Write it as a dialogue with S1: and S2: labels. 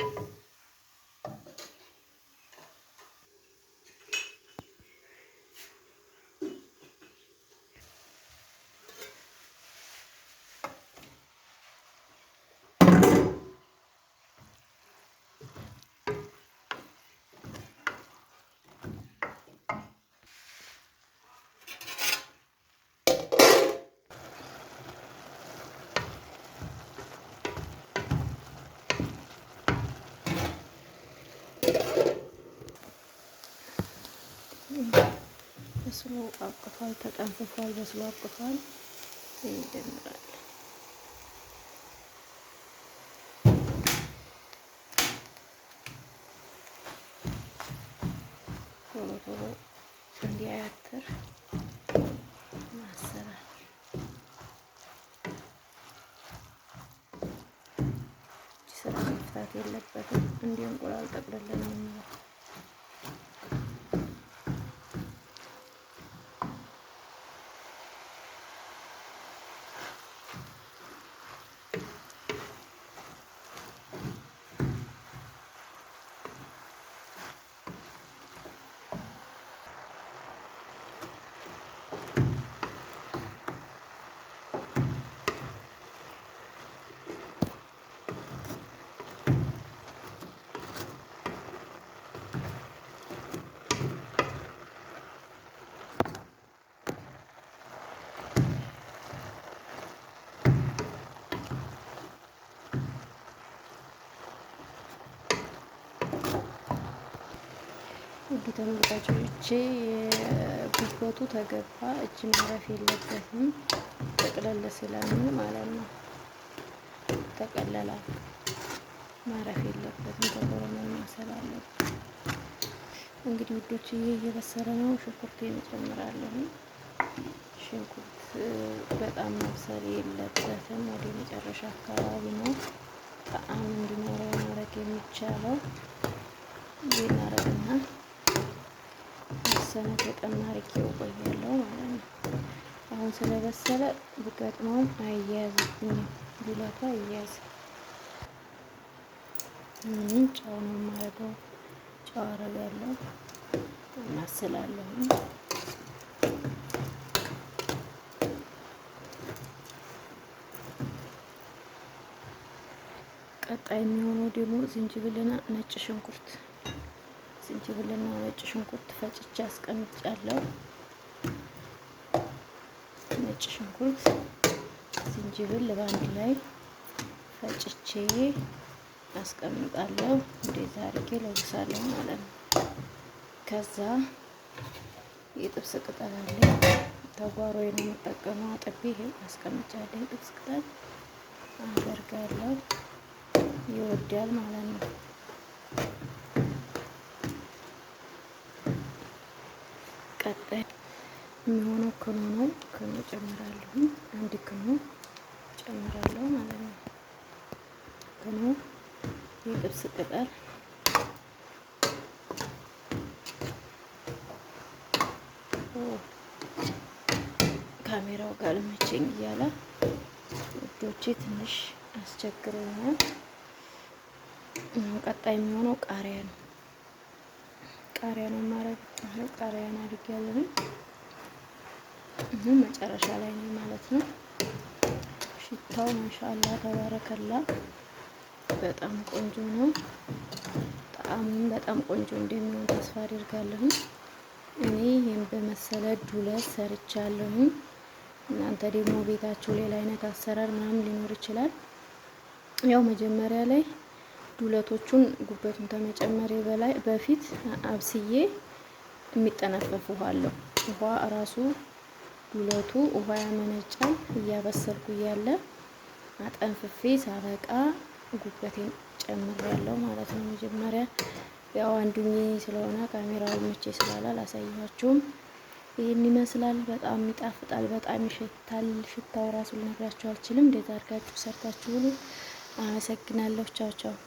S1: you በስሎ አብቅቷል፣ ተጠንፍፏል፣ በስሎ አብቅቷል። ይጀምራል። ቶሎ ቶሎ እንዲያያትር ስራ መፍታት የለበትም። እንዲህ እንቁላል ጠቅልለን ነው ውድ ተመልካቾቼ ጉልበቱ ተገባ፣ እጅ ማረፍ የለበትም። ጠቅለል ስለሚል ማለት ነው። ተቀለላል ማረፍ የለበትም። ተቆሮና ማሰል አለብን። እንግዲህ ውዶች ይሄ እየበሰለ ነው። ሽንኩርት እንጨምራለሁ። ሽንኩርት በጣም መብሰል የለበትም። ወደ መጨረሻ አካባቢ ነው ጣዕም እንዲኖረው ማድረግ የሚቻለው። የተወሰነ ተጠና አድርጌው ቆያለሁ ማለት ነው። አሁን ስለበሰለ ብገጥመውም አያያዝብኝም፣ ዱለቱ አያያዝ ጨው ነው የማደርገው። ጨው አደርጋለሁ፣ እናስላለሁ ቀጣይ የሚሆነው ደግሞ ዝንጅብልና ነጭ ሽንኩርት ዝንጅብልና ነጭ ሽንኩርት ፈጭቼ አስቀምጫለሁ። ነጭ ሽንኩርት፣ ዝንጅብል በአንድ ላይ ፈጭቼ አስቀምጣለሁ። እንደዛ አድርጌ ለውሳለሁ ማለት ነው። ከዛ የጥብስ ቅጠል አለ ተጓሮ ነው የምጠቀመው። አጥቤ ይሄ አስቀምጫለሁ። የጥብስ ቅጠል አደርጋለሁ። ይወዳል ማለት ነው። ቀጣይ የሚሆነው ክኖ ነው። ክኖ ጨምራለሁ። አንድ ክኖ ጨምራለሁ ማለት ነው። ክኖ የጥብስ ቅጠል ካሜራው ጋር መቼኝ እያለ እጆቼ ትንሽ አስቸግረኛል። ቀጣይ የሚሆነው ቃሪያ ነው። ቃሪያ ነው ማለት ቃሪያን አድርጊያለሁኝ። እዚህ መጨረሻ ላይ ነው ማለት ነው። ሽታው ማሻአላ ተባረከላ በጣም ቆንጆ ነው። ጣዕሙም በጣም ቆንጆ እንደሚሆን ተስፋ አድርጋለሁ እኔ ይህን በመሰለ ዱለት ሰርቻለሁ እናንተ ደግሞ ቤታችሁ ሌላ አይነት አሰራር ምናምን ሊኖር ይችላል። ያው መጀመሪያ ላይ ዱለቶቹን ጉበቱን ከመጨመሬ በላይ በፊት አብስዬ የሚጠነፈፍ ውሃ አለው። ውሃ እራሱ ጉለቱ ውሃ ያመነጫል። እያበሰልኩ እያለ አጠንፍፌ ሳበቃ ጉበቴን ያለው ማለት ነው። መጀመሪያ ያው አንዱኝ ስለሆነ ካሜራው መቼ ስላለ አላሳያችሁም። ይህን ይመስላል። በጣም ይጣፍጣል፣ በጣም ይሸታል። ሽታው ራሱ ልነግራችሁ አልችልም። እንዴት አድርጋችሁ ሰርታችሁ ብሉ። አመሰግናለሁ። ቻው ቻው